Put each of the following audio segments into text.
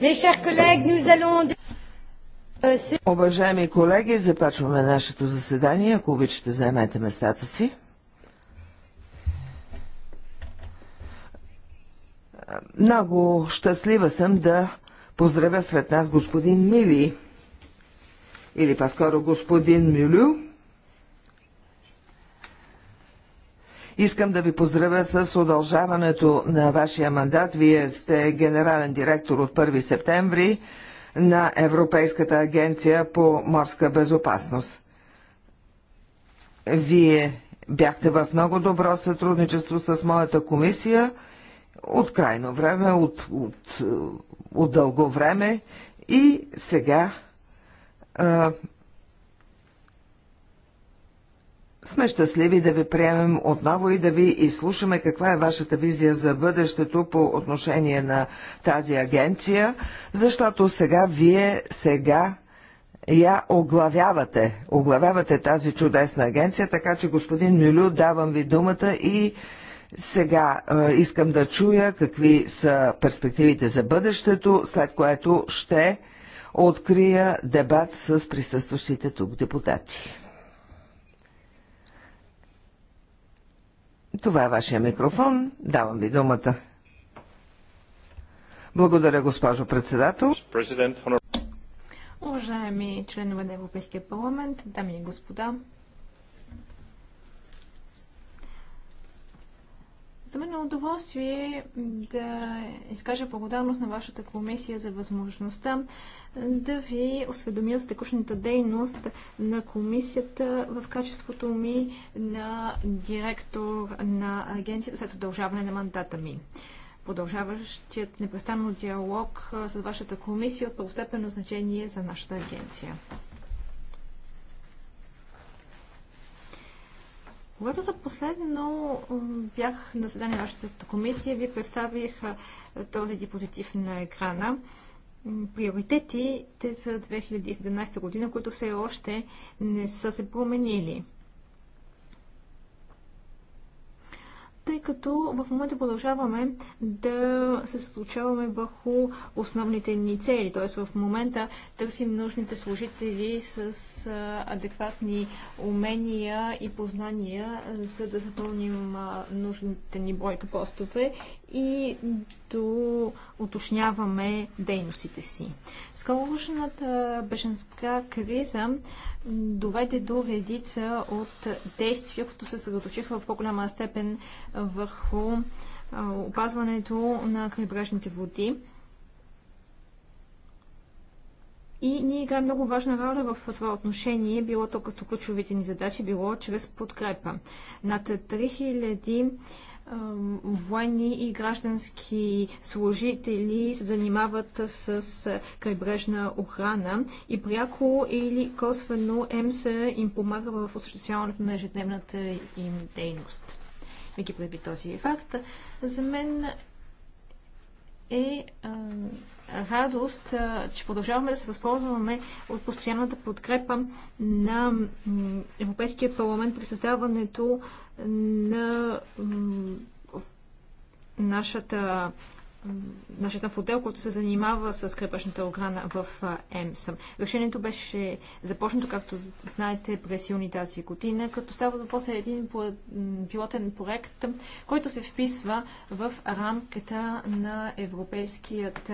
Euh, Уважаеми колеги, започваме нашето заседание. Ако обичате, заемете местата си. Много щастлива съм да поздравя сред нас господин Мили, или по-скоро господин Милю, Искам да ви поздравя с удължаването на вашия мандат. Вие сте генерален директор от 1 септември на Европейската агенция по морска безопасност. Вие бяхте в много добро сътрудничество с моята комисия от крайно време, от, от, от дълго време и сега Сме щастливи да ви приемем отново и да ви изслушаме каква е вашата визия за бъдещето по отношение на тази агенция, защото сега вие сега я оглавявате. Оглавявате тази чудесна агенция, така че господин Милю, давам ви думата и сега е, искам да чуя какви са перспективите за бъдещето, след което ще открия дебат с присъстващите тук депутати. Това е вашия микрофон. Давам ви думата. Благодаря, госпожо председател. Уважаеми членове на Европейския парламент, дами и господа, За мен е удоволствие да изкажа благодарност на вашата комисия за възможността да ви осведомя за текущната дейност на комисията в качеството ми на директор на агенцията след удължаване на мандата ми. Продължаващият непрестанно диалог с вашата комисия е от първостепенно значение за нашата агенция. Когато за последно бях на заседание на вашата комисия, ви представих този диапозитив на екрана. Приоритетите за 2017 година, които все още не са се променили. тъй като в момента продължаваме да се случаваме върху основните ни цели. Т.е. в момента търсим нужните служители с адекватни умения и познания, за да запълним нужните ни бройка постове и като уточняваме дейностите си. Скорошната беженска криза доведе до редица от действия, които се съсредоточиха в по-голяма степен върху опазването на крайбрежните води. И ние играем много важна роля в това отношение, било то като ключовите ни задачи, било чрез подкрепа. Над 3000 военни и граждански служители се занимават с крайбрежна охрана и пряко или косвено МСА им помага в осъществяването на ежедневната им дейност. Вики предвид този факт, за мен е радост, че продължаваме да се възползваме от постоянната подкрепа на Европейския парламент при създаването на нашата нашият отдел, който се занимава с крепъчната ограна в ЕМСъм. Решението беше започнато, както знаете, през юни тази година, като става въпрос за един пилотен проект, който се вписва в рамката на европейският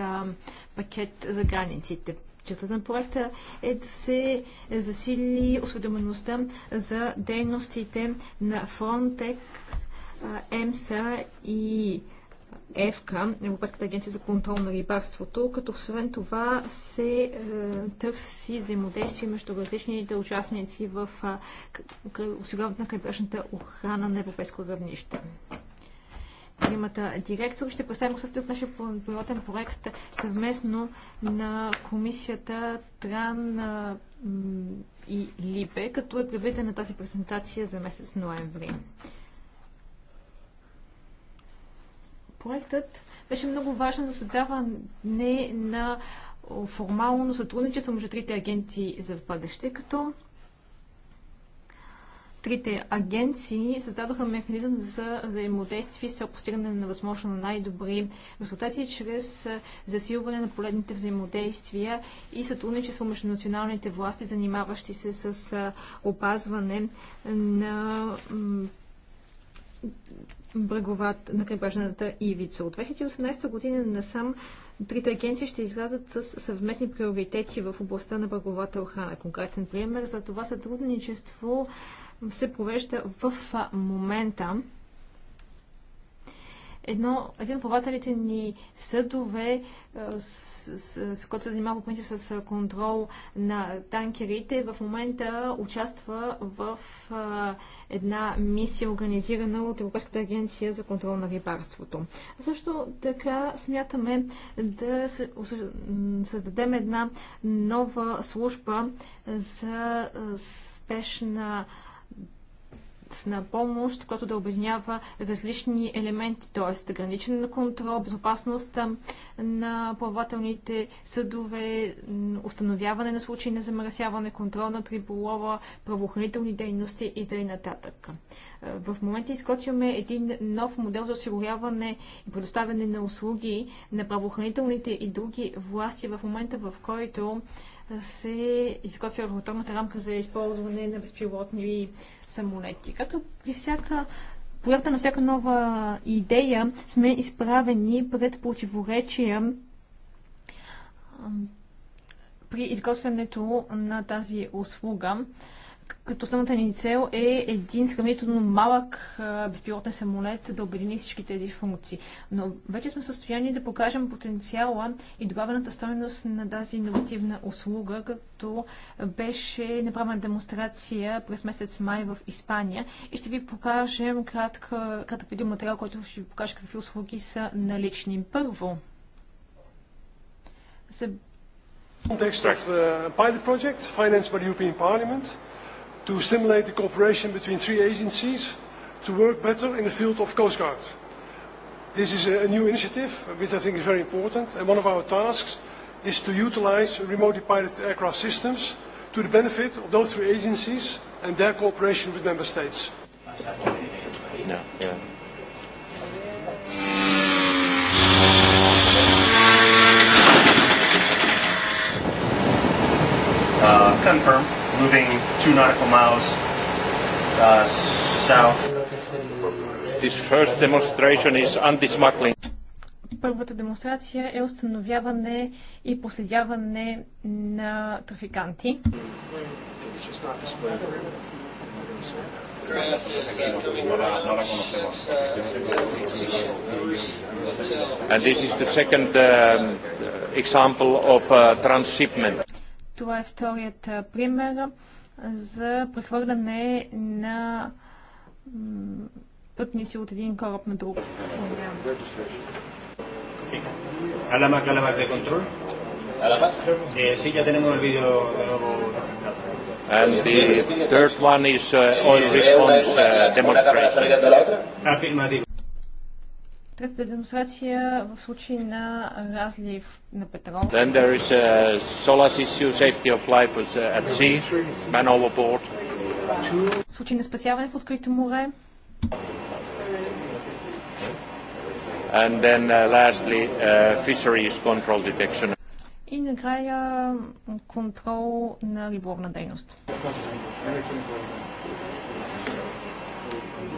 пакет за границите. Целта на проекта е да се засили осведомеността за дейностите на Frontex, EMSA и ЕФКА, Европейската агенция за контрол на рибарството, като освен това се е, търси взаимодействие между различните участници в е, осигуряването на крайбрежната охрана на европейско равнище. Тримата директор ще представим също от нашия пилотен проект съвместно на комисията Тран е, и Либе, като е предвидена тази презентация за месец ноември. Проектът беше много важен дава създаване на формално сътрудничество между трите агенции за бъдеще, като трите агенции създадоха механизъм за взаимодействие с цел постигане на възможно най-добри резултати чрез засилване на поледните взаимодействия и сътрудничество между националните власти, занимаващи се с опазване на бреговата, на крайбрежната ивица. От 2018 година насам трите агенции ще излязат с съвместни приоритети в областта на бреговата охрана. Конкретен пример за това сътрудничество се провежда в момента едно, един от плавателите ни съдове, с, с, с който се занимава по принцип с контрол на танкерите, в момента участва в а, една мисия, организирана от Европейската агенция за контрол на рибарството. Също така смятаме да създадем една нова служба за спешна на помощ, която да обединява различни елементи, т.е. граничен контрол, безопасност на плавателните съдове, установяване на случаи на замърсяване, контрол на триболова, правоохранителни дейности и т.н. В момента изготвяме един нов модел за осигуряване и предоставяне на услуги на правоохранителните и други власти в момента, в който се изготвя регулаторната рамка за използване на безпилотни самолети. Като при всяка появата на всяка нова идея сме изправени пред противоречия при изготвянето на тази услуга като основната ни цел е един сравнително малък безпилотен самолет да обедини всички тези функции. Но вече сме в състояние да покажем потенциала и добавената стоеност на тази иновативна услуга, като беше направена демонстрация през месец май в Испания. И ще ви покажем кратка, кратък видеоматериал, който ще ви покаже какви услуги са налични. Първо, за context of a uh, pilot project financed by the European Parliament to stimulate the cooperation between three agencies to work better in the field of Coast Guard. This is a new initiative, which I think is very important, and one of our tasks is to utilize remotely piloted aircraft systems to the benefit of those three agencies and their cooperation with member states. No, yeah. Uh, confirm moving two nautical miles uh, south. This first demonstration is anti-smuggling. Първата демонстрация е установяване и последяване на трафиканти. And this is the second uh, example of uh, transshipment. Това е вторият пример за прехвърляне на пътни си от един кораб на друг. And the third one is uh, oil response uh, demonstration. Третата демонстрация в случай на разлив на петрол. Then there is a uh, SOLAS issue, safety of life was uh, at sea, man overboard. В случай на спасяване в открито море. And then uh, lastly, uh, fisheries control detection. И накрая контрол на риборна дейност.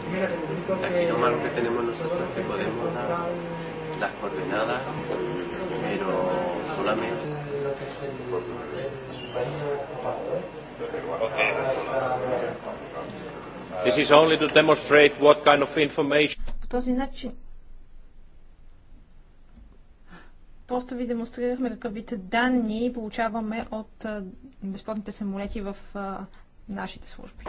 Aquí lo malo que tenemos nosotros es que podemos dar las coordenadas, pero solamente This is only to demonstrate what kind of information. По начин просто ви демонстрирахме какъв вид данни получаваме от безплатните самолети в нашите служби.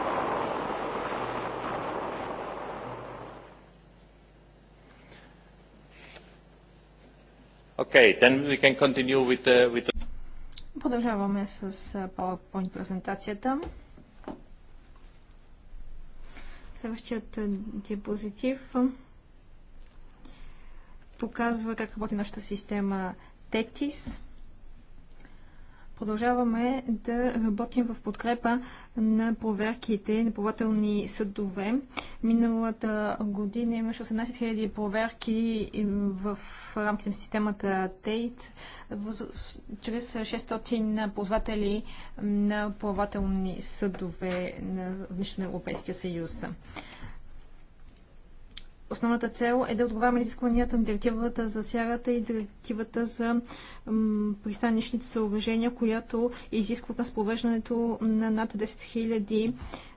Okay, then we can continue with the, Продължаваме с PowerPoint презентацията. Следващият диапозитив показва как работи нашата система TETIS. Продължаваме да работим в подкрепа на проверките на плавателни съдове. Миналата година имаше 18 000 проверки в рамките на системата Тейт чрез 600 ползватели на плавателни съдове на Европейския съюз. Основната цел е да отговаряме изискванията на директивата за сярата и директивата за пристанищните съоръжения, която изисква от нас провеждането на над 10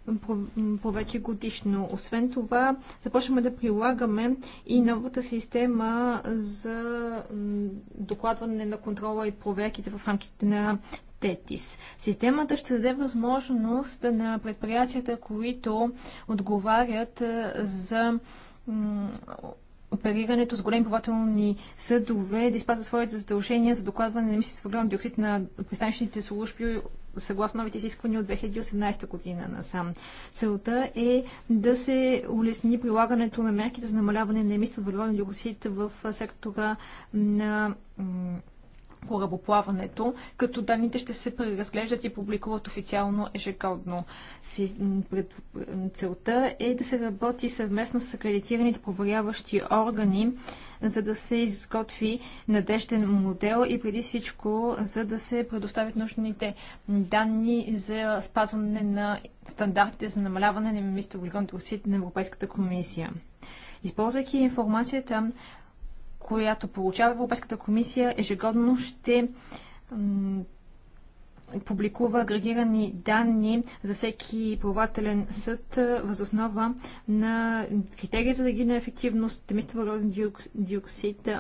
000 повече годишно. Освен това, започваме да прилагаме и новата система за докладване на контрола и проверките в рамките на ТЕТИС. Системата ще даде възможност на предприятията, които отговарят за оперирането с големи плавателни съдове да изпазва своите задължения за докладване на емисии с въглероден диоксид на пристанищните служби съгласно новите изисквания от 2018 година насам. Целта е да се улесни прилагането на мерките за намаляване на емисии с въглероден диоксид в сектора на корабоплаването, като данните ще се преразглеждат и публикуват официално ежегодно. Целта е да се работи съвместно с акредитираните проверяващи органи, за да се изготви надежден модел и преди всичко, за да се предоставят нужните данни за спазване на стандартите за намаляване на емисията въглероден на Европейската комисия. Използвайки информацията която получава Европейската комисия, ежегодно ще публикува агрегирани данни за всеки плавателен съд е, възоснова на критерия за дъгина ефективност, демистовъглероден диоксид е,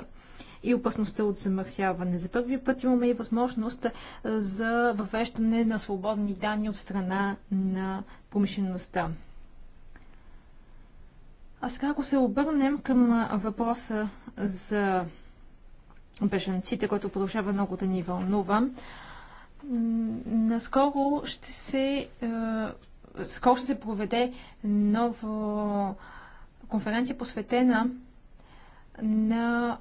и опасността от замърсяване. За първи път имаме и възможност е, за въвеждане на свободни данни от страна на помишлеността. А сега, ако се обърнем към въпроса за бежанците, който продължава много да ни вълнува, наскоро ще се, скоро ще се проведе нова конференция, посветена на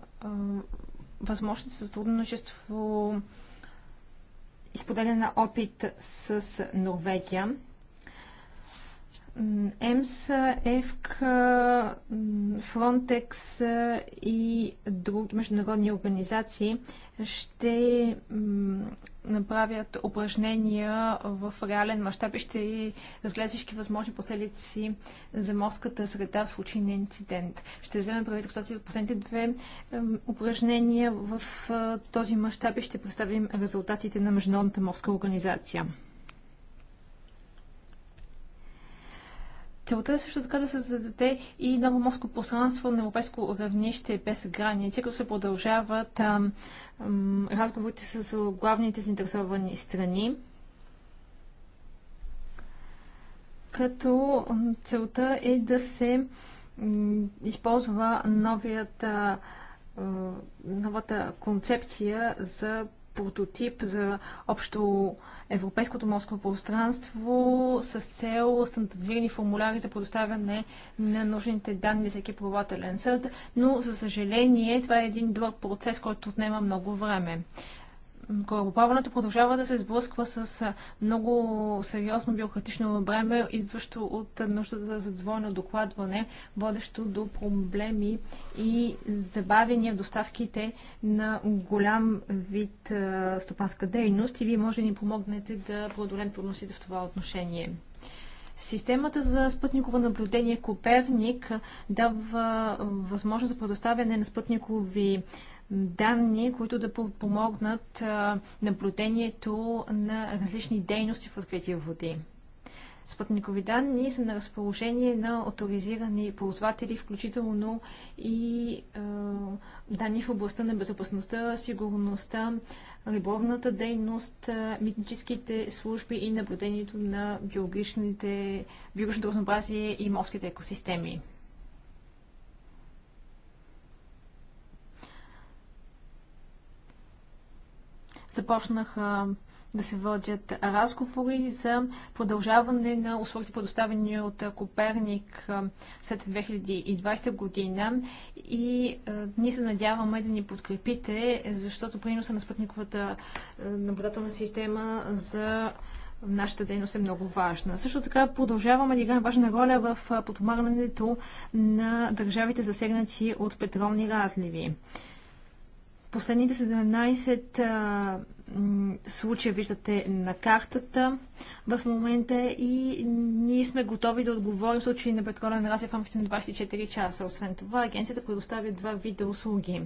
възможности за сътрудничество изподеля на опит с Норвегия. ЕМСА, ЕФК, Фронтекс и други международни организации ще направят упражнения в реален мащаб и ще разгледат всички възможни последици за морската среда в случай на инцидент. Ще вземем правителството резултати от последните две упражнения в този мащаб и ще представим резултатите на Международната морска организация. Целта е също така да се зададе и ново морско пространство на европейско равнище без граници, като се продължават ам, ам, разговорите с главните заинтересовани страни. Като целта е да се използва новията, новата концепция за прототип за общо европейското морско пространство с цел стандартизирани формуляри за предоставяне на нужните данни за всеки плавателен съд, но за съжаление това е един дълъг процес, който отнема много време корабоплаването продължава да се сблъсква с много сериозно бюрократично бреме, идващо от нуждата за двойно докладване, водещо до проблеми и забавения в доставките на голям вид стопанска дейност и вие може да ни помогнете да преодолем трудностите в това отношение. Системата за спътниково наблюдение Коперник дава възможност за предоставяне на спътникови данни, които да помогнат наблюдението на различни дейности в открития води. Спътникови данни са на разположение на авторизирани ползватели, включително и е, данни в областта на безопасността, сигурността, рибовната дейност, митническите служби и наблюдението на биологичните, биологичното разнообразие и морските екосистеми. започнаха да се водят разговори за продължаване на услугите, предоставени от Коперник след 2020 година. И е, ние се надяваме да ни подкрепите, защото приноса на спътниковата наблюдателна система за нашата дейност е много важна. Също така продължаваме да играем важна роля в подпомагането на държавите засегнати от петролни разливи. Последните 17 а, случая виждате на картата в момента и ние сме готови да отговорим в случай на предходен раз в рамките на 24 часа. Освен това, агенцията предоставя два вида услуги.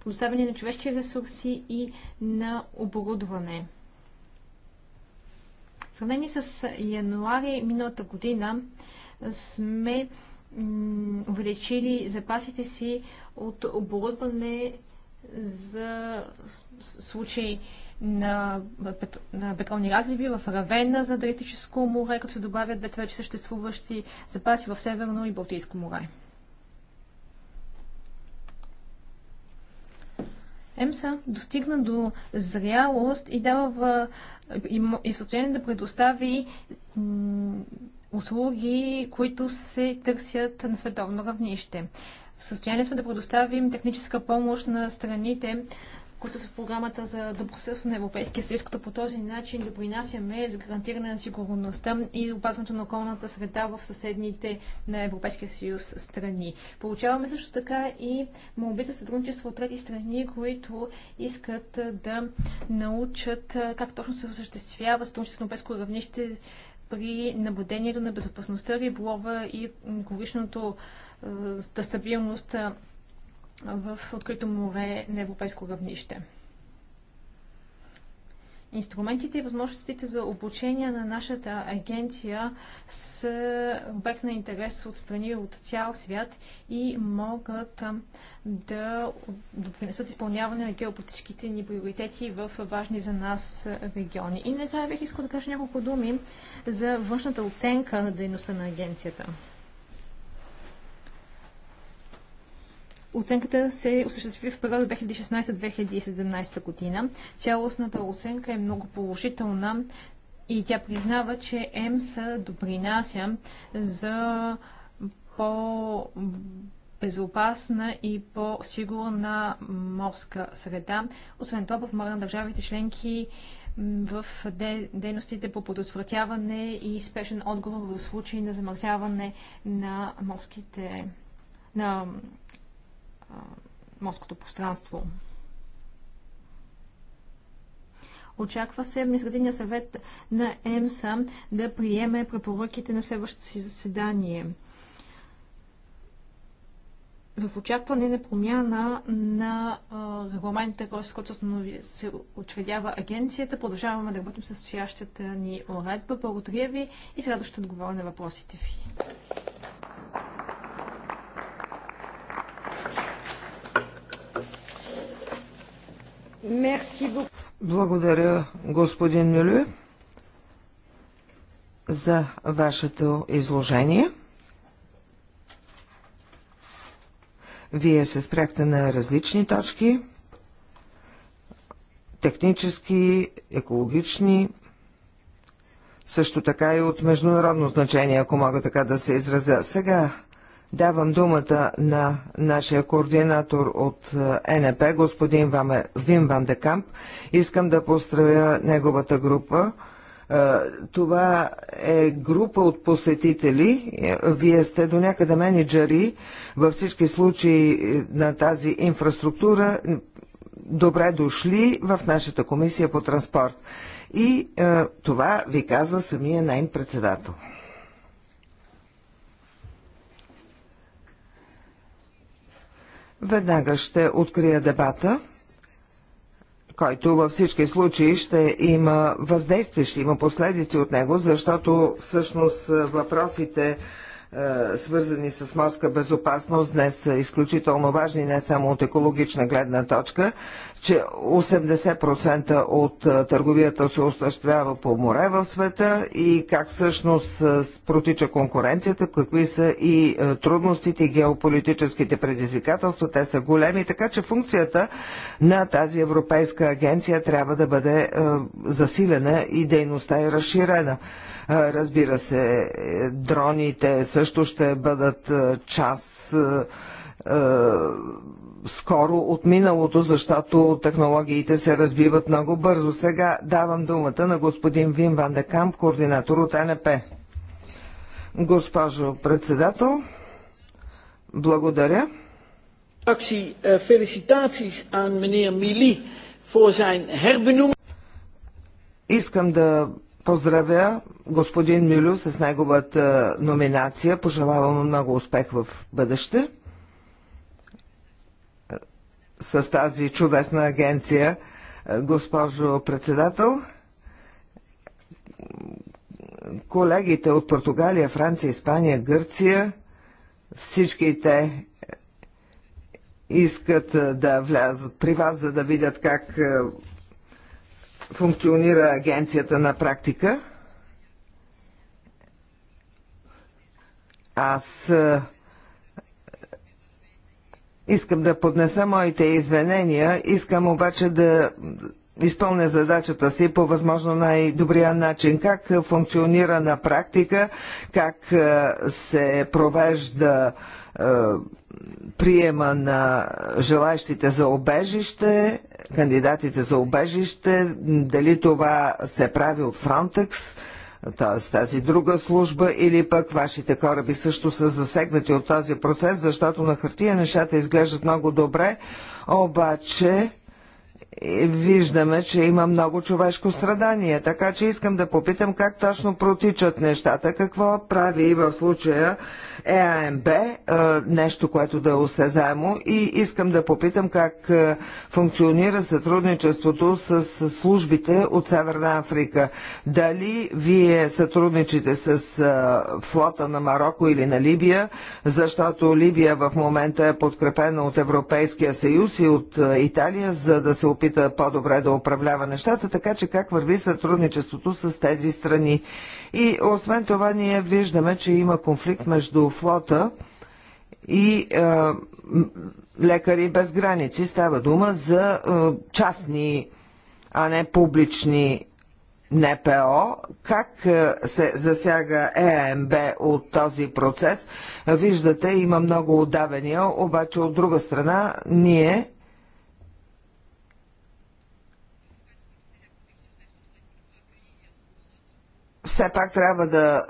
Предоставяне на човешки ресурси и на оборудване. В сравнение с януари миналата година сме увеличили запасите си от оборудване за случаи на, пет, на петролни разливи в Равена за Адриатическо море, като се добавят двете вече съществуващи запаси в Северно и Балтийско море. ЕМСА достигна до зрялост и дава в, и, и в състояние да предостави услуги, които се търсят на световно равнище. В състояние сме да предоставим техническа помощ на страните, които са в програмата за добросъдство на Европейския съюз, като по този начин допринасяме за гарантиране на сигурността и опазването на околната среда в съседните на Европейския съюз страни. Получаваме също така и молби за сътрудничество от трети страни, които искат да научат как точно се осъществява сътрудничество на европейско равнище при наблюдението на безопасността, риболова и екологичното е, стабилност е, в открито море на европейско равнище. Инструментите и възможностите за обучение на нашата агенция са обект на интерес от страни от цял свят и могат да допринесат изпълняване на геополитическите ни приоритети в важни за нас региони. И накрая бих искал да кажа няколко думи за външната оценка на дейността на агенцията. Оценката се осъществи в периода 2016-2017 година. Цялостната оценка е много положителна и тя признава, че МС допринася за по безопасна и по-сигурна морска среда. Освен това, помага на държавите членки в дейностите по предотвратяване и спешен отговор в случай на замърсяване на морските на морското пространство. Очаква се административния съвет на ЕМСА да приеме препоръките на следващото си заседание. В очакване на промяна на регламента, който се очредява агенцията, продължаваме да работим с настоящата ни уредба. Благодаря ви и с радост ще отговоря на въпросите ви. Благодаря, господин Мюлю, за вашето изложение. Вие се спряхте на различни точки технически, екологични, също така и от международно значение, ако мога така да се изразя. Сега Давам думата на нашия координатор от е, НП, господин Вим Ван Декамп. Искам да поздравя неговата група. Е, това е група от посетители. Е, вие сте до някъде менеджери във всички случаи на тази инфраструктура. Добре дошли в нашата комисия по транспорт. И това ви казва самия най председател. Веднага ще открия дебата, който във всички случаи ще има въздействие, ще има последици от него, защото всъщност въпросите е, свързани с морска безопасност, днес са изключително важни не само от екологична гледна точка, че 80% от е, търговията се осъществява по море в света и как всъщност е, протича конкуренцията, какви са и трудностите и геополитическите предизвикателства, те са големи, така че функцията на тази Европейска агенция трябва да бъде засилена и дейността е разширена. Разбира се, дроните също ще бъдат част скоро от миналото, защото технологиите се разбиват много бързо. Сега давам думата на господин Вин Ван Декамп, координатор от НП. Госпожо председател, благодаря. Eh, Искам да Поздравя господин Милю с неговата е, номинация. Пожелавам му много успех в бъдеще е, с тази чудесна агенция, е, госпожо председател. Колегите от Португалия, Франция, Испания, Гърция, всички те искат да влязат при вас, за да видят как функционира агенцията на практика. Аз искам да поднеса моите извинения, искам обаче да изпълня задачата си по възможно най-добрия начин. Как функционира на практика, как се провежда приема на желащите за обежище, кандидатите за обежище, дали това се прави от Фронтекс, т.е. тази друга служба, или пък вашите кораби също са засегнати от този процес, защото на хартия нещата изглеждат много добре, обаче е, виждаме, че има много човешко страдание. Така че искам да попитам как точно протичат нещата, какво прави и в случая ЕАМБ, нещо, което да е осезаемо и искам да попитам как функционира сътрудничеството с службите от Северна Африка. Дали вие сътрудничите с флота на Марокко или на Либия, защото Либия в момента е подкрепена от Европейския съюз и от Италия, за да се опита по-добре да управлява нещата, така че как върви сътрудничеството с тези страни. И освен това ние виждаме, че има конфликт между флота и а, е, лекари без граници. Става дума за а, е, частни, а не публични НПО. Как а, е, се засяга ЕМБ от този процес? Виждате, има много отдавания, обаче от друга страна ние все пак трябва да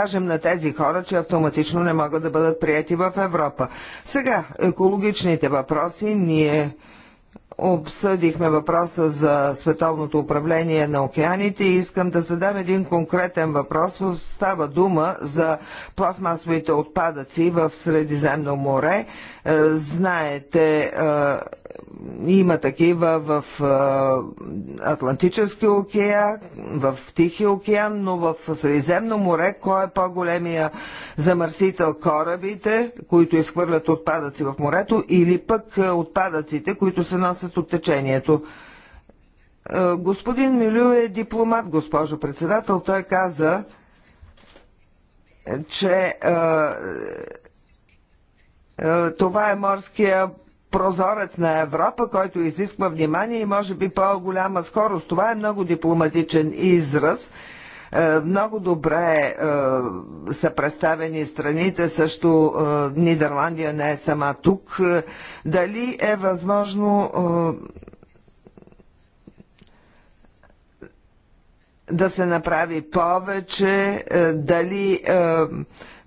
кажем на тези хора, че автоматично не могат да бъдат прияти в Европа. Сега, екологичните въпроси ние обсъдихме въпроса за световното управление на океаните и искам да задам един конкретен въпрос. Става дума за пластмасовите отпадъци в Средиземно море. Е, знаете, е, има такива в е, Атлантически океан, в Тихия океан, но в Средиземно море, кой е по-големия замърсител корабите, които изхвърлят отпадъци в морето, или пък отпадъците, които се носят от течението. Господин Милю е дипломат, госпожо председател. Той каза, че е, това е морския прозорец на Европа, който изисква внимание и може би по-голяма скорост. Това е много дипломатичен израз. Е, много добре е, са представени страните, също е, Нидерландия не е сама тук. Е, дали е възможно е, да се направи повече, дали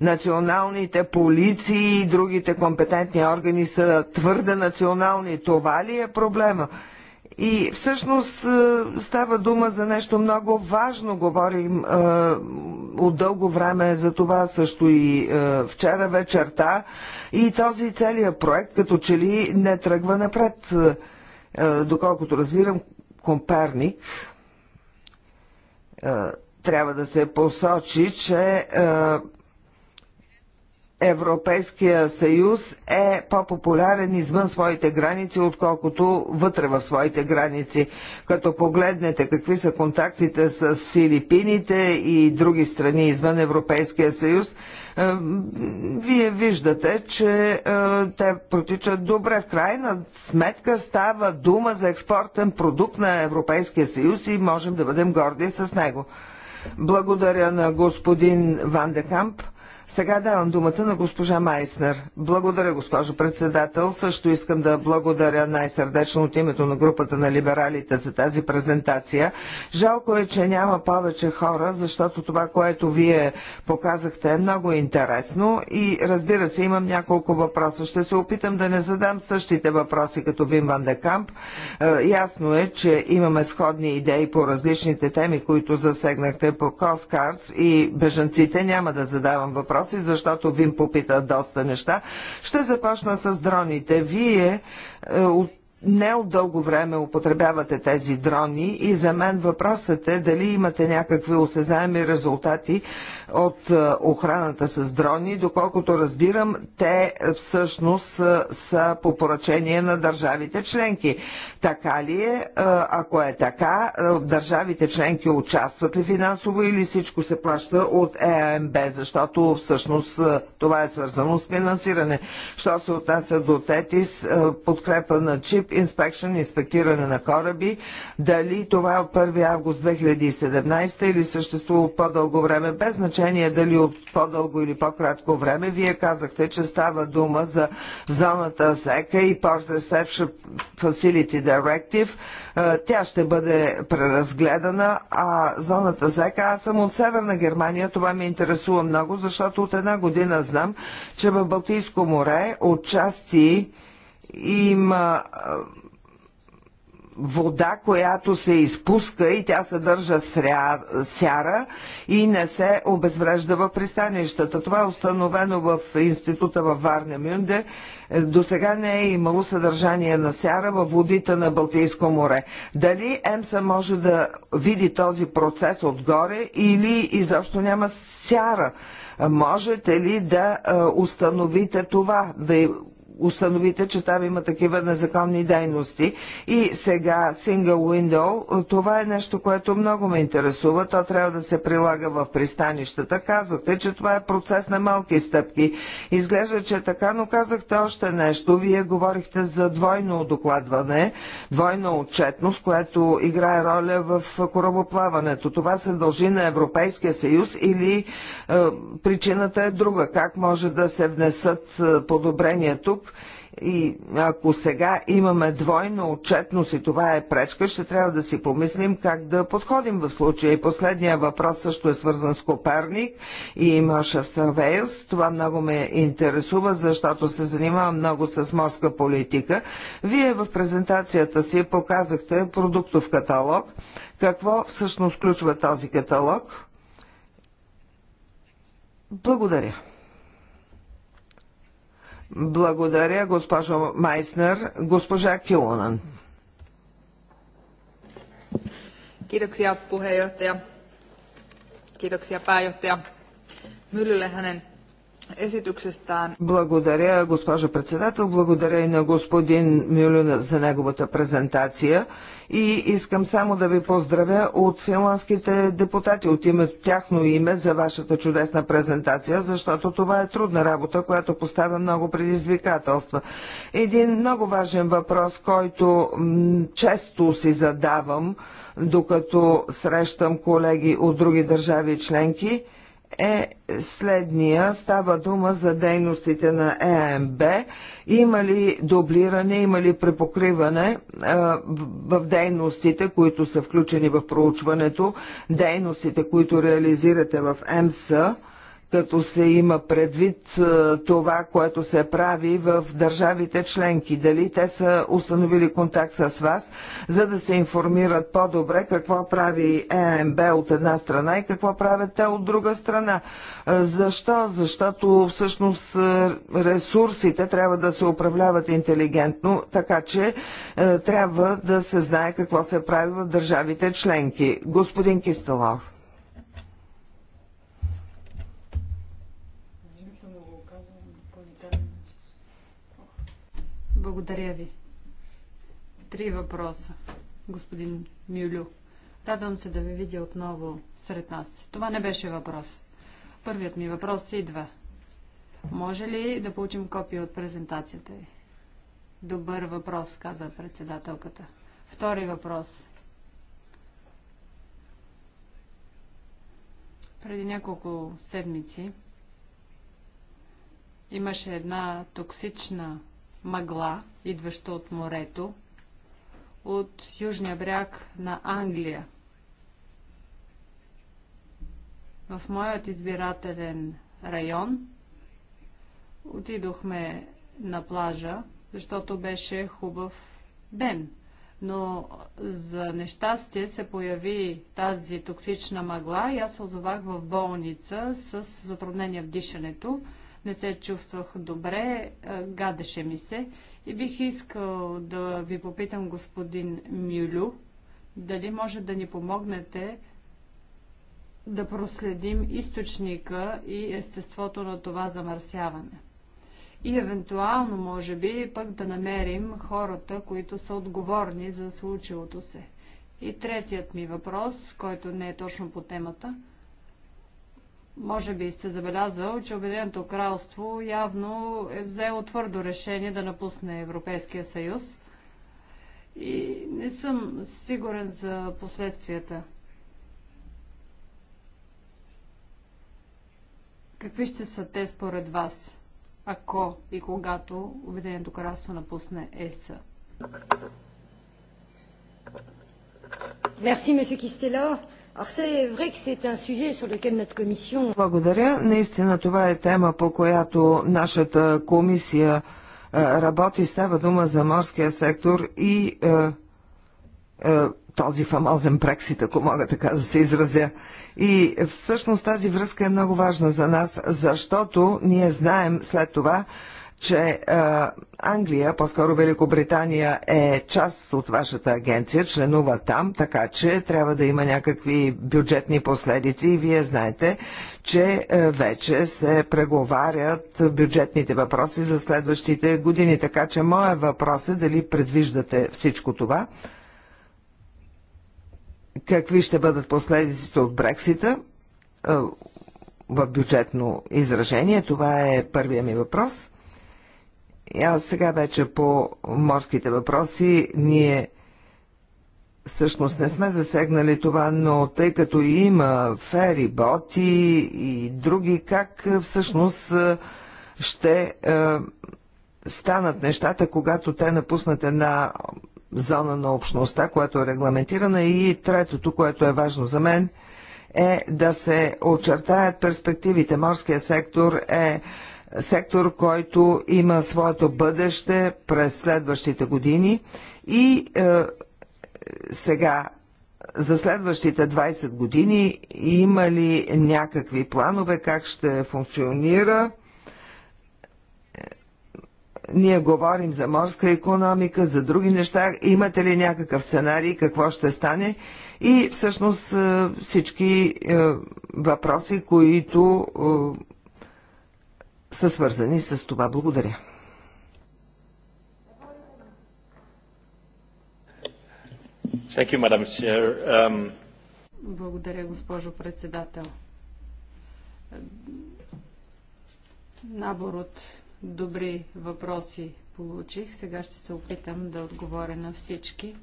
националните полиции и другите компетентни органи са твърде национални. Това ли е проблема? И всъщност е, става дума за нещо много важно. Говорим е, от дълго време за това също и е, вчера вечерта. И този целият проект като че ли не тръгва напред. Е, е доколкото разбирам, Комперник е, трябва да се посочи, че Европейския съюз е по-популярен извън своите граници, отколкото вътре в своите граници. Като погледнете какви са контактите с Филипините и други страни извън Европейския съюз, е, вие виждате, че е, те протичат добре. В крайна сметка става дума за експортен продукт на Европейския съюз и можем да бъдем горди с него. Благодаря на господин Ван де Камп. Сега давам думата на госпожа Майснер. Благодаря, госпожо председател. Също искам да благодаря най-сърдечно от името на групата на либералите за тази презентация. Жалко е, че няма повече хора, защото това, което вие показахте е много интересно и разбира се, имам няколко въпроса. Ще се опитам да не задам същите въпроси като Вим Ван де Камп. Е, ясно е, че имаме сходни идеи по различните теми, които засегнахте по Коскарс и бежанците. Няма да задавам въпроси въпроси, защото Вим попита доста неща. Ще започна с дроните. Вие е, от не от дълго време употребявате тези дрони и за мен въпросът е дали имате някакви осезаеми резултати от е, охраната с дрони. Доколкото разбирам, те е, всъщност е, са по поръчение на държавите членки. Така ли е? Ако е така, държавите членки участват ли финансово или всичко се плаща от ЕАМБ, защото всъщност това е свързано с финансиране. Що се отнася до ТЕТИС, подкрепа на ЧИП, инспекшен, инспектиране на кораби, дали това е от 1 август 2017 или съществува по-дълго време, без значение дали от по-дълго или по-кратко време, вие казахте, че става дума за зоната СЕКА и Port Reception Facility Directive. Е, тя ще бъде преразгледана, а зоната СЕКА, аз съм от Северна Германия, това ме интересува много, защото от една година знам, че в Балтийско море от части има вода, която се изпуска и тя съдържа сря, сяра и не се обезврежда в пристанищата. Това е установено в института във Варне Мюнде. Е, до сега не е имало съдържание на сяра във водите на Балтийско море. Дали ЕМСА може да види този процес отгоре или изобщо няма сяра? Можете ли да е, установите това, да установите, че там има такива незаконни дейности. И сега Single Window, това е нещо, което много ме интересува. То трябва да се прилага в пристанищата. Казахте, че това е процес на малки стъпки. Изглежда, че е така, но казахте още нещо. Вие говорихте за двойно докладване, двойна отчетност, което играе роля в корабоплаването. Това се дължи на Европейския съюз или е, причината е друга. Как може да се внесат е, подобрения тук? И ако сега имаме двойна отчетност и това е пречка, ще трябва да си помислим как да подходим в случая. И последния въпрос също е свързан с Коперник и Мошев Сървейлс. Това много ме интересува, защото се занимавам много с морска политика. Вие в презентацията си показахте продуктов каталог. Какво всъщност включва този каталог? Благодаря. Благодаря, госпожо Майснер. Госпожа Килонан. Kiitoksia puheenjohtaja. Kiitoksia pääjohtaja Myllylle hänen esityksestään. Благодаря, госпожа председател. Благодаря и на господин Мюлюна за неговата презентация. И искам само да ви поздравя от финландските депутати, от името тяхно име за вашата чудесна презентация, защото това е трудна работа, която поставя много предизвикателства. Един много важен въпрос, който често си задавам, докато срещам колеги от други държави членки – е следния. Става дума за дейностите на ЕМБ. Има ли дублиране, има ли препокриване е, в дейностите, които са включени в проучването, дейностите, които реализирате в МСА? като се има предвид е, това, което се прави в държавите членки. Дали те са установили контакт с вас, за да се информират по-добре какво прави ЕМБ от една страна и какво правят те от друга страна. Е, защо? Защото всъщност е, ресурсите трябва да се управляват интелигентно, така че трябва да се знае какво се прави в държавите членки. Господин Кисталов. Благодаря ви. Три въпроса, господин Мюлю. Радвам се да ви видя отново сред нас. Това не беше въпрос. Първият ми въпрос идва. Може ли да получим копия от презентацията ви? Добър въпрос, каза председателката. Втори въпрос. Преди няколко седмици имаше една токсична мъгла, идваща от морето, от южния бряг на Англия. В моят избирателен район отидохме на плажа, защото беше хубав ден. Но за нещастие се появи тази токсична мъгла и аз се озовах в болница с затруднение в дишането не се чувствах добре, гадеше ми се. И бих искал да ви попитам, господин Мюлю, дали може да ни помогнете да проследим източника и естеството на това замърсяване. И евентуално, може би, пък да намерим хората, които са отговорни за случилото се. И третият ми въпрос, който не е точно по темата – може би сте забелязал, че Обединеното кралство явно е взело твърдо решение да напусне Европейския съюз и не съм сигурен за последствията. Какви ще са те според вас, ако и когато Обединеното кралство напусне ЕС? Merci, monsieur Кистело. Благодаря. Наистина това е тема, по която нашата комисия е, работи. Става дума за морския сектор и е, е, този фамозен прексит, ако мога така да се изразя. И всъщност тази връзка е много важна за нас, защото ние знаем след това, че а, е, Англия, по-скоро Великобритания е част от вашата агенция, членува там, така че трябва да има някакви бюджетни последици и вие знаете, че а, е, вече се преговарят бюджетните въпроси за следващите години. Така че моя въпрос е дали предвиждате всичко това, какви ще бъдат последиците от Брексита е, в бюджетно изражение. Това е първия ми въпрос. А сега вече по морските въпроси ние всъщност не сме засегнали това, но тъй като има фери, боти и други, как е, всъщност е, ще е, станат нещата, когато те напуснат една зона на общността, която е регламентирана и третото, което е важно за мен, е да се очертаят перспективите. Морския сектор е сектор, който има своето бъдеще през следващите години и е, сега за следващите 20 години има ли някакви планове, как ще функционира? Ние говорим за морска економика, за други неща. Имате ли някакъв сценарий, какво ще стане? И всъщност е, всички е, въпроси, които е, са свързани с това. Благодаря. Um, Благодаря, госпожо председател. Набор от добри въпроси получих. Сега ще се опитам да отговоря на всички.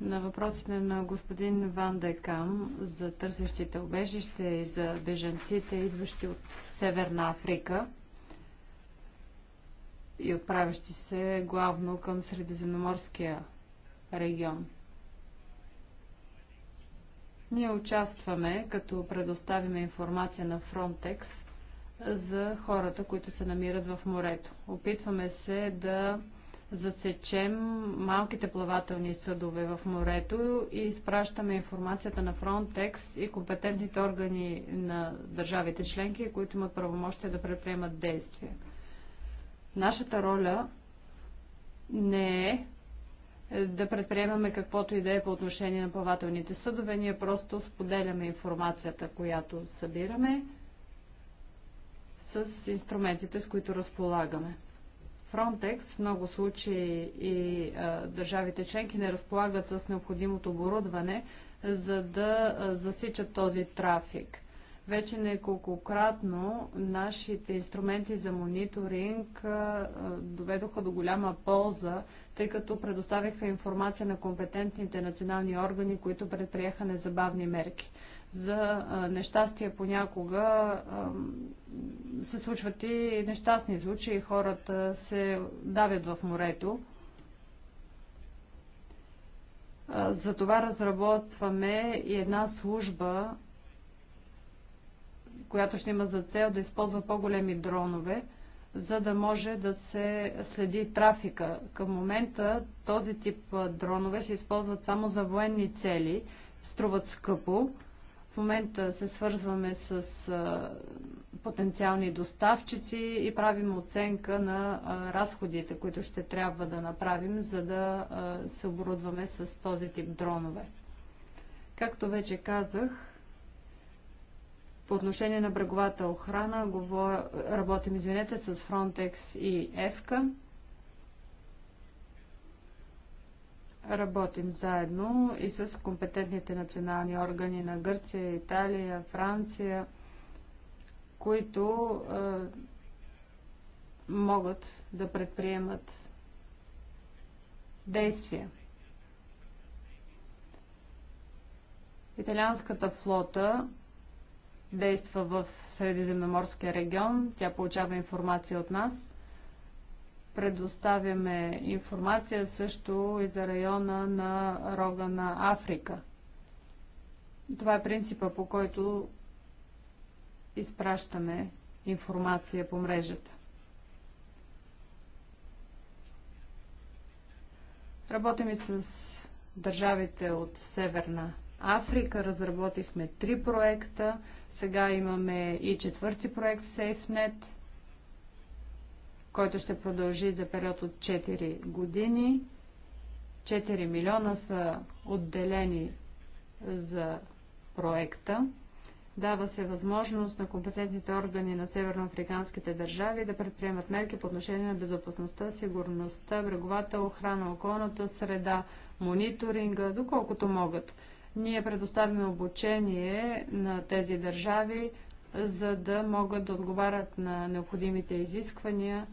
На въпросите на господин Ван Дайкам за търсещите обежище и за беженците, идващи от Северна Африка – и отправящи се главно към Средиземноморския регион. Ние участваме, като предоставяме информация на Frontex за хората, които се намират в морето. Опитваме се да засечем малките плавателни съдове в морето и изпращаме информацията на Frontex и компетентните органи на държавите членки, които имат правомощие да предприемат действия. Нашата роля не е да предприемаме каквото и да е по отношение на плавателните съдове. Ние просто споделяме информацията, която събираме с инструментите, с които разполагаме. Frontex в много случаи и а, държавите членки не разполагат с необходимото оборудване, за да а, засичат този трафик. Вече неколкократно нашите инструменти за мониторинг доведоха до голяма полза, тъй като предоставиха информация на компетентните национални органи, които предприеха незабавни мерки. За нещастие понякога се случват и нещастни случаи, хората се давят в морето. Затова разработваме и една служба която ще има за цел да използва по-големи дронове, за да може да се следи трафика. Към момента този тип дронове се използват само за военни цели, струват скъпо. В момента се свързваме с а, потенциални доставчици и правим оценка на а, разходите, които ще трябва да направим, за да а, се оборудваме с този тип дронове. Както вече казах, по отношение на бреговата охрана, работим, извинете, с Frontex и Евка. Работим заедно и с компетентните национални органи на Гърция, Италия, Франция, които е, могат да предприемат действия. Италианската флота действа в Средиземноморския регион. Тя получава информация от нас. Предоставяме информация също и за района на рога на Африка. Това е принципа, по който изпращаме информация по мрежата. Работим и с държавите от Северна Африка разработихме три проекта, сега имаме и четвърти проект SafeNet, който ще продължи за период от 4 години. 4 милиона са отделени за проекта. Дава се възможност на компетентните органи на северноафриканските държави да предприемат мерки по отношение на безопасността, сигурността, бреговата охрана, околната среда, мониторинга, доколкото могат. Ние предоставяме обучение на тези държави, за да могат да отговарят на необходимите изисквания.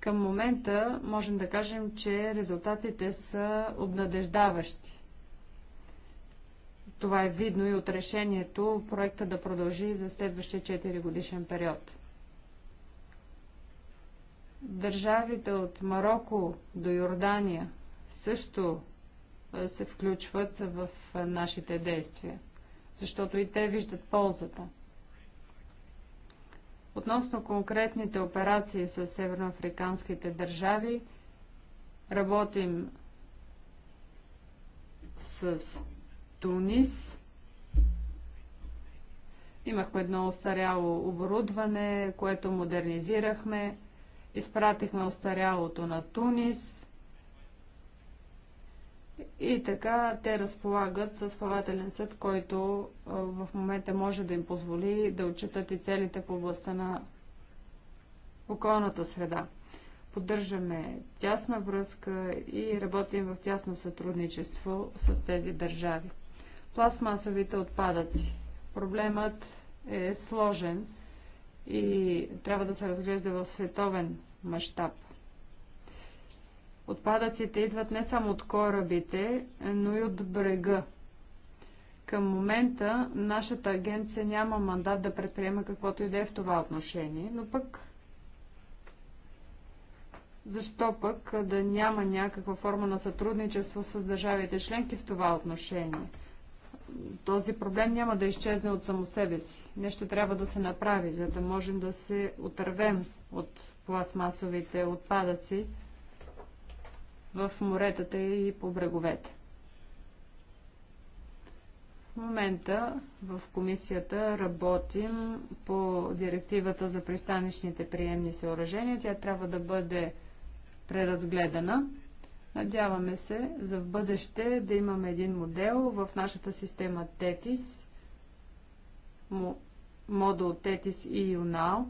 Към момента можем да кажем, че резултатите са обнадеждаващи. Това е видно и от решението проекта да продължи за следващия 4 годишен период. Държавите от Марокко до Йордания също се включват в нашите действия, защото и те виждат ползата. Относно конкретните операции с северноафриканските държави, работим с Тунис. Имахме едно остаряло оборудване, което модернизирахме. Изпратихме остарялото на Тунис – и така те разполагат с плавателен съд, който в момента може да им позволи да отчитат и целите в областта на околната среда. Поддържаме тясна връзка и работим в тясно сътрудничество с тези държави. Пластмасовите отпадъци. Проблемът е сложен и трябва да се разглежда в световен мащаб – Отпадъците идват не само от корабите, но и от брега. Към момента нашата агенция няма мандат да предприема каквото и да е в това отношение, но пък защо пък да няма някаква форма на сътрудничество с държавите членки в това отношение? Този проблем няма да изчезне от само себе си. Нещо трябва да се направи, за да можем да се отървем от пластмасовите отпадъци в моретата и по бреговете. В момента в комисията работим по директивата за пристанищните приемни съоръжения. Тя трябва да бъде преразгледана. Надяваме се за в бъдеще да имаме един модел в нашата система TETIS, модул TETIS и UNAL,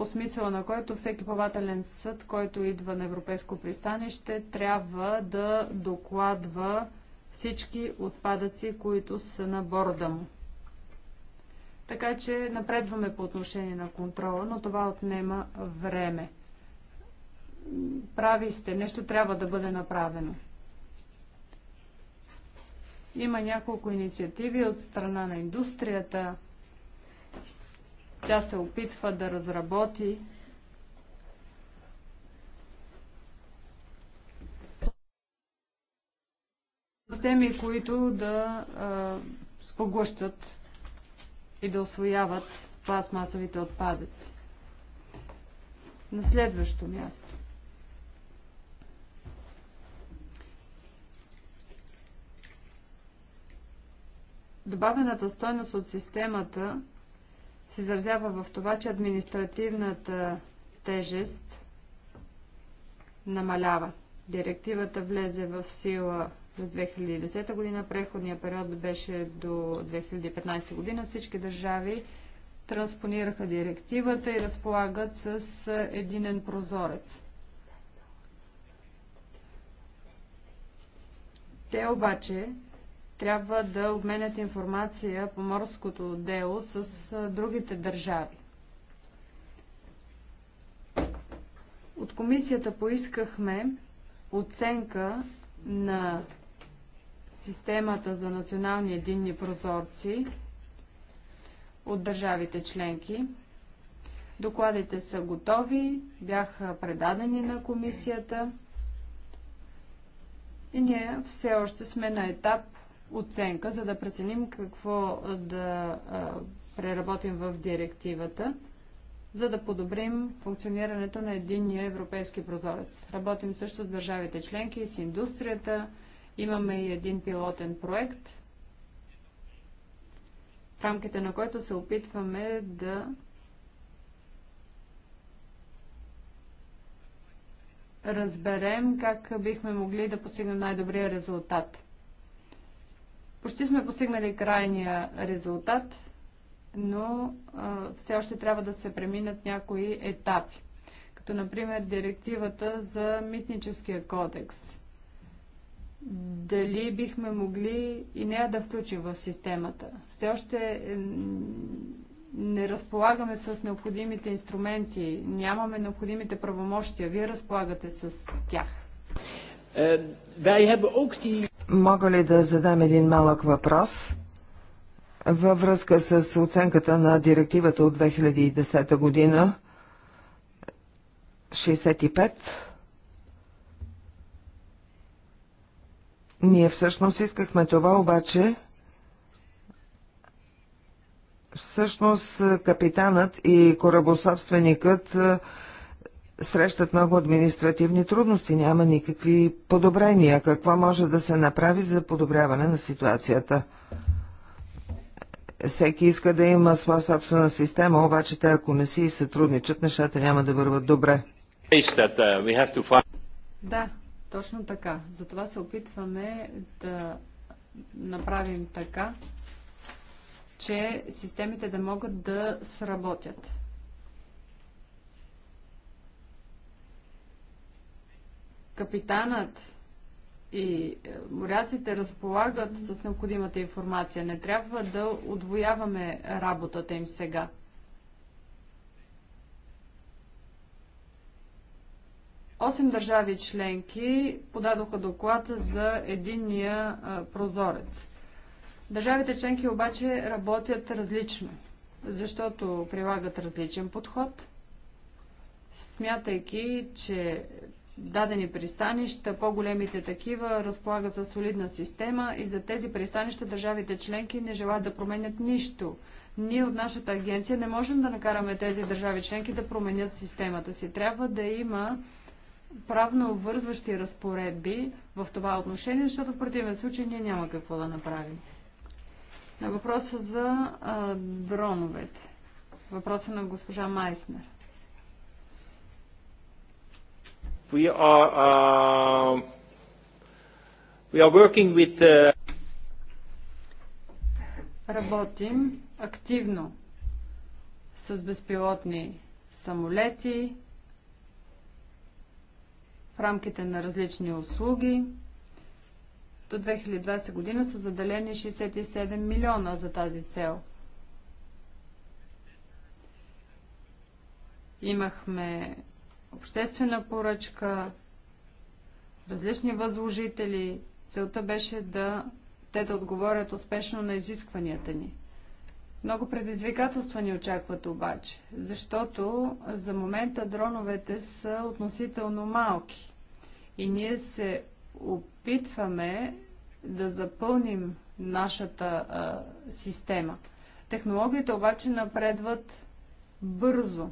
по смисъла на който всеки плавателен съд, който идва на европейско пристанище, трябва да докладва всички отпадъци, които са на борда му. Така че напредваме по отношение на контрола, но това отнема време. Прави сте, нещо трябва да бъде направено. Има няколко инициативи от страна на индустрията, тя се опитва да разработи системи, които да а, споглъщат и да освояват пластмасовите отпадъци. На следващо място. Добавената стойност от системата се изразява в това, че административната тежест намалява. Директивата влезе в сила през 2010 година, преходният период беше до 2015 година. Всички държави транспонираха директивата и разполагат с единен прозорец. Те обаче трябва да обменят информация по морското дело с другите държави. От комисията поискахме оценка на системата за национални единни прозорци от държавите членки. Докладите са готови, бяха предадени на комисията и ние все още сме на етап оценка, за да преценим какво да преработим в директивата, за да подобрим функционирането на единния европейски прозорец. Работим също с държавите членки и с индустрията. Имаме и един пилотен проект, в рамките на който се опитваме да разберем как бихме могли да постигнем най-добрия резултат – почти сме постигнали крайния резултат, но а, все още трябва да се преминат някои етапи, като например директивата за митническия кодекс. Дали бихме могли и нея да включим в системата? Все още не разполагаме с необходимите инструменти, нямаме необходимите правомощия. Вие разполагате с тях. Е, wij hebben ook die Мога ли да задам един малък въпрос? Във връзка с оценката на директивата от 2010 година 65, ние всъщност искахме това, обаче всъщност капитанът и корабособственикът срещат много административни трудности, няма никакви подобрения. Какво може да се направи за подобряване на ситуацията? Всеки иска да има своя собствена система, обаче те ако не си сътрудничат, нещата няма да върват добре. Да, точно така. Затова се опитваме да направим така, че системите да могат да сработят. капитанът и е, моряците разполагат с необходимата информация. Не трябва да отвояваме работата им сега. Осем държави членки подадоха доклад за единния е, прозорец. Държавите членки обаче работят различно, защото прилагат различен подход, смятайки, че дадени пристанища, по-големите такива, разполагат за солидна система и за тези пристанища държавите членки не желаят да променят нищо. Ние от нашата агенция не можем да накараме тези държави членки да променят системата си. Трябва да има правно обвързващи разпоредби в това отношение, защото в противен случай ние няма какво да направим. На въпроса за а, дроновете. Въпроса на госпожа Майснер. We are, uh, we are working with, uh... Работим активно с безпилотни самолети в рамките на различни услуги. До 2020 година са заделени 67 милиона за тази цел. Имахме обществена поръчка, различни възложители. Целта беше да те да отговорят успешно на изискванията ни. Много предизвикателства ни очакват обаче, защото за момента дроновете са относително малки и ние се опитваме да запълним нашата а, система. Технологията обаче напредват бързо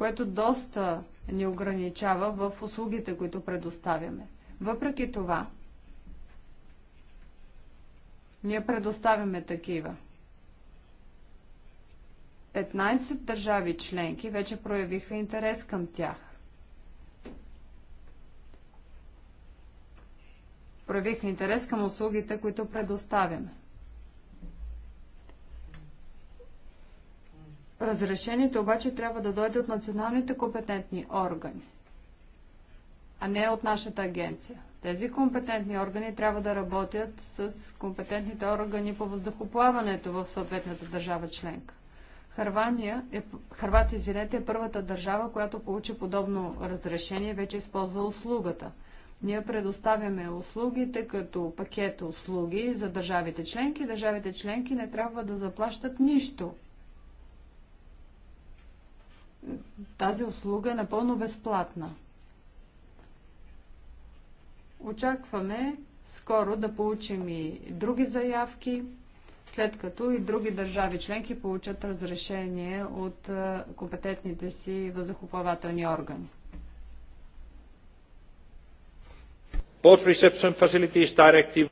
което доста ни ограничава в услугите, които предоставяме. Въпреки това, ние предоставяме такива. 15 държави членки вече проявиха интерес към тях. Проявиха интерес към услугите, които предоставяме. Разрешението обаче трябва да дойде от националните компетентни органи, а не от нашата агенция. Тези компетентни органи трябва да работят с компетентните органи по въздухоплаването в съответната държава членка. Харвания е, Харват, извинете, е първата държава, която получи подобно разрешение, вече използва услугата. Ние предоставяме услугите като пакет услуги за държавите членки. Държавите членки не трябва да заплащат нищо тази услуга е напълно безплатна. Очакваме скоро да получим и други заявки, след като и други държави членки получат разрешение от компетентните си въздухоплавателни органи. Reception Facilities Directive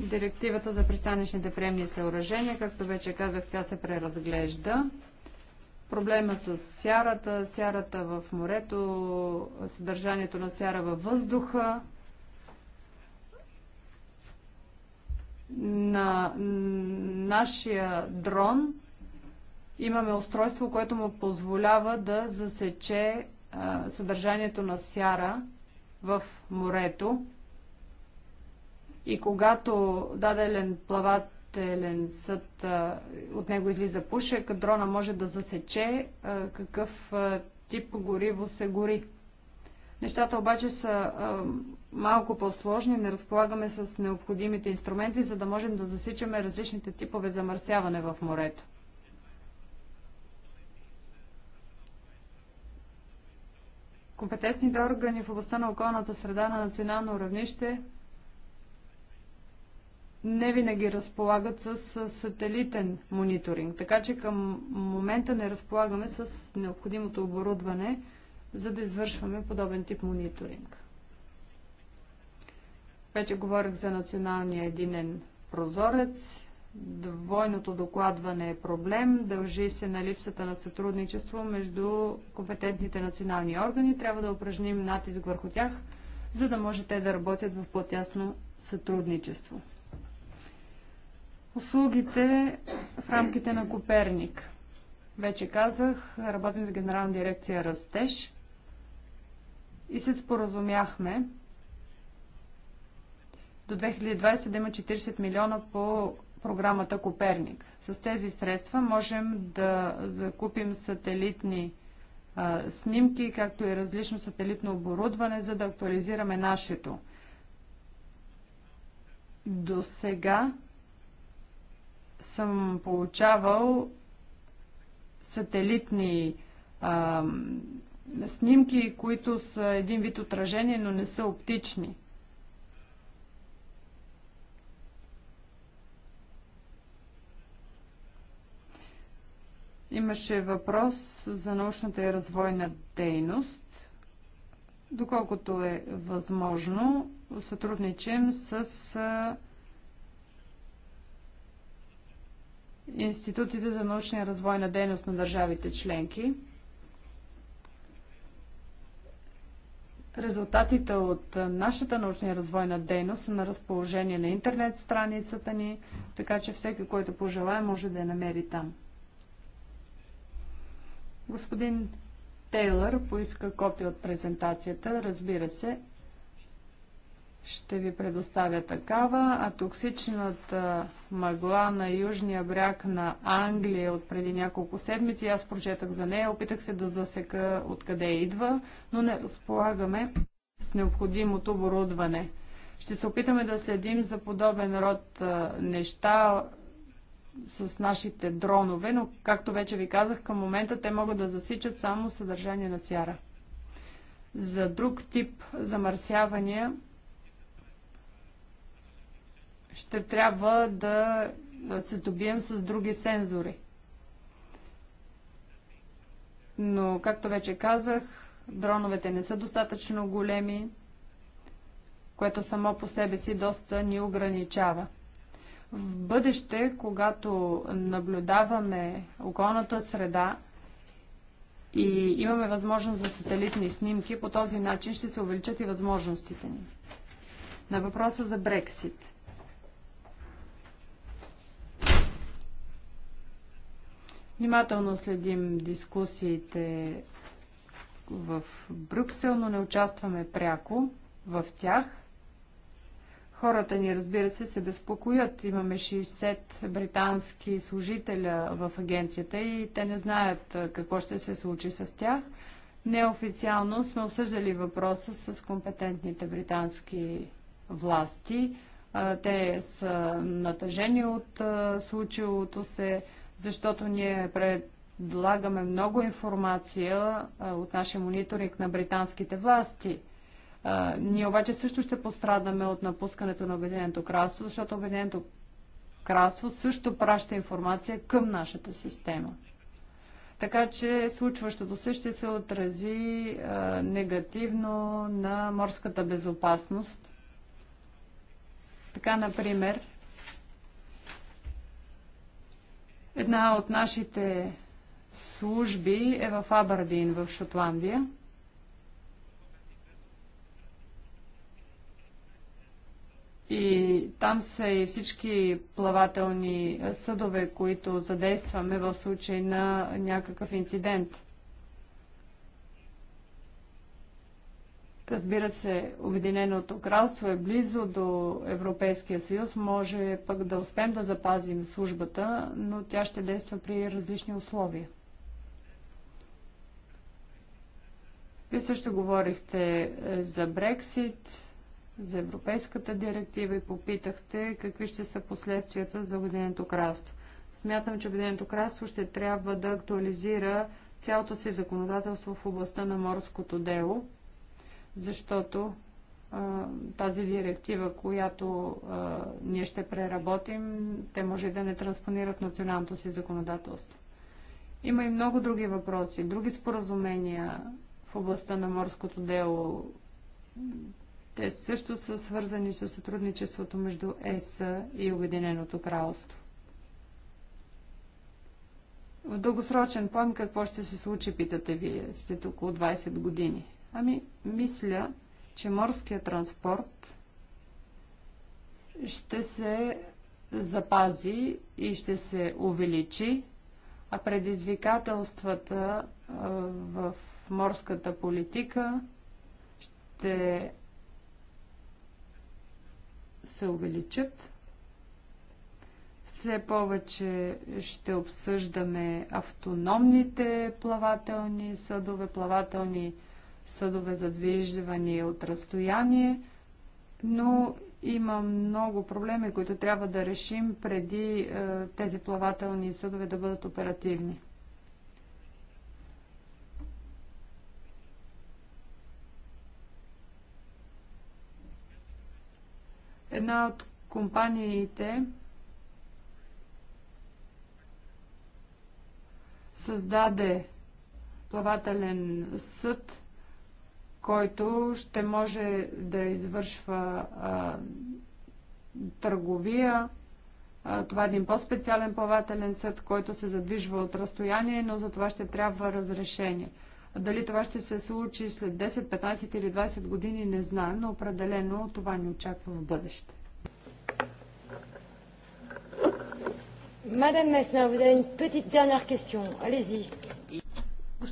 Директивата за пристанищните приемни съоръжения, както вече казах, тя се преразглежда проблема с сярата, сярата в морето, съдържанието на сяра във въздуха, на нашия дрон имаме устройство, което му позволява да засече а, съдържанието на сяра в морето. И когато даден плават летателен съд, от него излиза пушек, дрона може да засече какъв тип гориво се гори. Нещата обаче са малко по-сложни, не разполагаме с необходимите инструменти, за да можем да засичаме различните типове замърсяване в морето. Компетентните органи в областта на околната среда на национално равнище не винаги разполагат с сателитен мониторинг. Така че към момента не разполагаме с необходимото оборудване, за да извършваме подобен тип мониторинг. Вече говорих за националния единен прозорец. Двойното докладване е проблем, дължи се на липсата на сътрудничество между компетентните национални органи. Трябва да упражним натиск върху тях, за да може те да работят в по-тясно сътрудничество. Услугите в рамките на Коперник. Вече казах, работим с Генерална дирекция Растеж и се споразумяхме до 2020 да има 40 милиона по програмата Коперник. С тези средства можем да закупим сателитни а, снимки, както и различно сателитно оборудване, за да актуализираме нашето. До сега съм получавал сателитни а, снимки, които са един вид отражение, но не са оптични. Имаше въпрос за научната и развойна дейност. Доколкото е възможно, сътрудничим с институтите за научна и развойна дейност на държавите членки. Резултатите от нашата научна и развойна дейност са на разположение на интернет страницата ни, така че всеки, който пожелая, може да я намери там. Господин Тейлър поиска копия от презентацията. Разбира се, ще ви предоставя такава, а токсичната мъгла на южния бряг на Англия от преди няколко седмици, аз прочетах за нея, опитах се да засека откъде идва, но не разполагаме с необходимото оборудване. Ще се опитаме да следим за подобен род неща с нашите дронове, но както вече ви казах, към момента те могат да засичат само съдържание на сяра. За друг тип замърсявания ще трябва да се здобием с други сензори. Но, както вече казах, дроновете не са достатъчно големи, което само по себе си доста ни ограничава. В бъдеще, когато наблюдаваме околната среда и имаме възможност за сателитни снимки, по този начин ще се увеличат и възможностите ни. На въпроса за Брексит – Внимателно следим дискусиите в Брюксел, но не участваме пряко в тях. Хората ни, разбира се, се безпокоят. Имаме 60 британски служителя в агенцията и те не знаят какво ще се случи с тях. Неофициално сме обсъждали въпроса с компетентните британски власти. Те са натъжени от случилото се защото ние предлагаме много информация от нашия мониторинг на британските власти. Ние обаче също ще пострадаме от напускането на Обединеното кралство, защото Обединеното кралство също праща информация към нашата система. Така че случващото се ще се отрази а, негативно на морската безопасност. Така, например, Една от нашите служби е в Абардин, в Шотландия. И там са и всички плавателни съдове, които задействаме в случай на някакъв инцидент. Разбира се, Обединеното кралство е близо до Европейския съюз, може пък да успеем да запазим службата, но тя ще действа при различни условия. Вие също говорихте е, за Брексит, за Европейската директива и попитахте какви ще са последствията за Обединеното кралство. Смятам, че Обединеното кралство ще трябва да актуализира цялото си законодателство в областта на морското дело защото тази директива, която а, ние ще преработим, те може да не транспонират националното си законодателство. Има и много други въпроси, други споразумения в областта на морското дело. Те също са свързани с сътрудничеството между ЕС и Обединеното кралство. В дългосрочен план какво ще се случи, питате вие, след около 20 години? Ами, мисля, че морският транспорт ще се запази и ще се увеличи, а предизвикателствата в морската политика ще се увеличат. Все повече ще обсъждаме автономните плавателни съдове, плавателни съдове за движване от разстояние, но има много проблеми, които трябва да решим преди е, тези плавателни съдове да бъдат оперативни. Една от компаниите създаде плавателен съд – който ще може да извършва а, търговия. А, това е един по-специален плавателен съд, който се задвижва от разстояние, но за това ще трябва разрешение. Дали това ще се случи след 10, 15 или 20 години, не знаем, но определено това ни очаква в бъдеще. Madame Messner, vous avez une petite dernière question. Allez-y.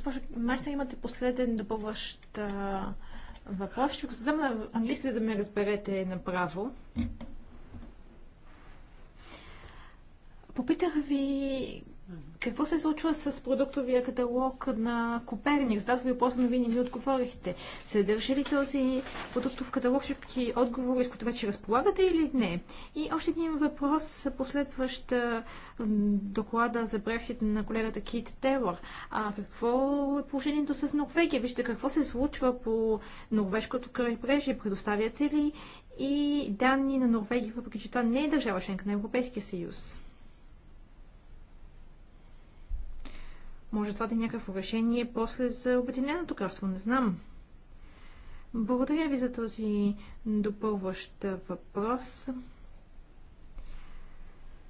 Госпожо Марса, имате последен допълващ въпрос. Ще го задам на английски, за да ме разберете направо. Попитах ви какво се случва с продуктовия каталог на Коперник? Зададох ви въпроса, но вие не ми отговорихте. Съдържа ли този продуктов каталог всички отговори, с които вече разполагате или не? И още един въпрос, последващ доклада за Брексит на колегата Кит Тейлор. А какво е положението с Норвегия? Вижте какво се случва по норвежкото крайбрежие. Предоставяте ли и данни на Норвегия, въпреки че това не е държава членка на Европейския съюз? Може това да е някакво решение после за Обединеното кралство, не знам. Благодаря ви за този допълващ въпрос.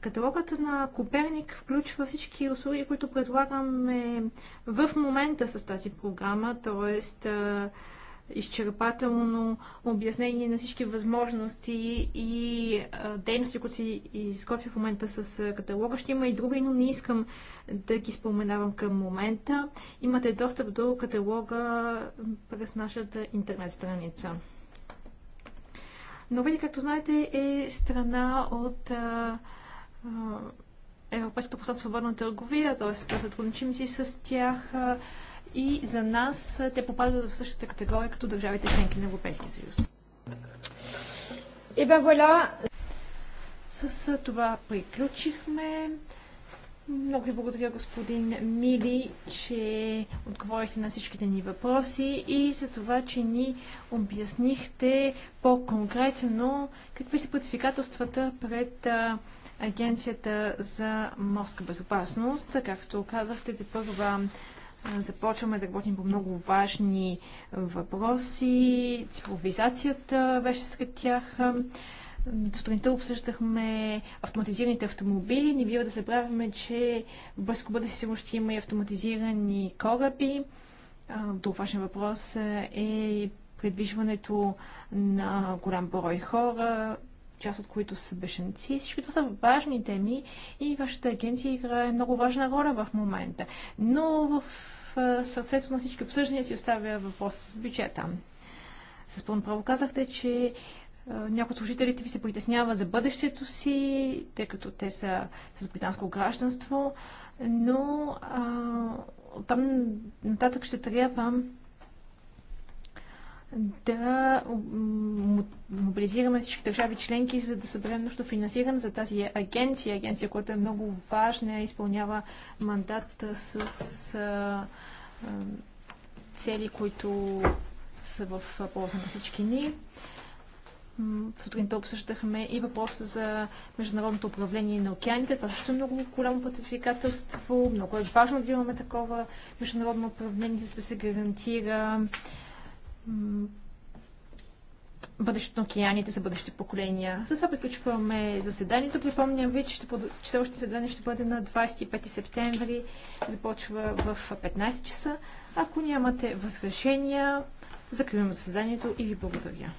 Каталогът на Коперник включва всички услуги, които предлагаме в момента с тази програма, т.е изчерпателно обяснение на всички възможности и дейности, които си изготвя в момента с каталога. Ще има и други, но не искам да ги споменавам към момента. Имате достъп до каталога през нашата интернет страница. Норвегия, както знаете, е страна от Европейското посад свободна търговия, т.е. сътрудничим си с тях. А, и за нас те попадат в същата категория като държавите членки на Европейския съюз. И бе, С това приключихме. Много ви благодаря, господин Мили, че отговорихте на всичките ни въпроси и за това, че ни обяснихте по-конкретно какви са предизвикателствата пред Агенцията за морска безопасност. Както казахте, те първа Започваме да работим по много важни въпроси. Цифровизацията беше сред тях. Сутринта обсъждахме автоматизираните автомобили. Не бива да забравяме, че в близко бъдеще сигурно ще има и автоматизирани кораби. Друг важен въпрос е предвижването на голям брой хора, част от които са бешенци. Всички това са важни теми и вашата агенция играе много важна роля в момента. Но в сърцето на всички обсъждания си оставя въпрос с бюджета. С пълно право казахте, че някои от служителите ви се притесняват за бъдещето си, тъй като те са с британско гражданство, но а, там нататък ще трябва да мобилизираме всички държави членки, за да съберем нужно финансиране за тази агенция. Агенция, която е много важна, изпълнява мандат с а, а, цели, които са в полза на всички ни. Сутринта обсъждахме и въпроса за международното управление на океаните. Това също е много голямо предизвикателство. Много е важно да имаме такова международно управление, за да се гарантира бъдещето на океаните за бъдещи поколения. С това приключваме заседанието. Припомням ви, че, ще под... че следващото заседание ще бъде на 25 септември. Започва в 15 часа. Ако нямате възражения, закривам заседанието и ви благодаря.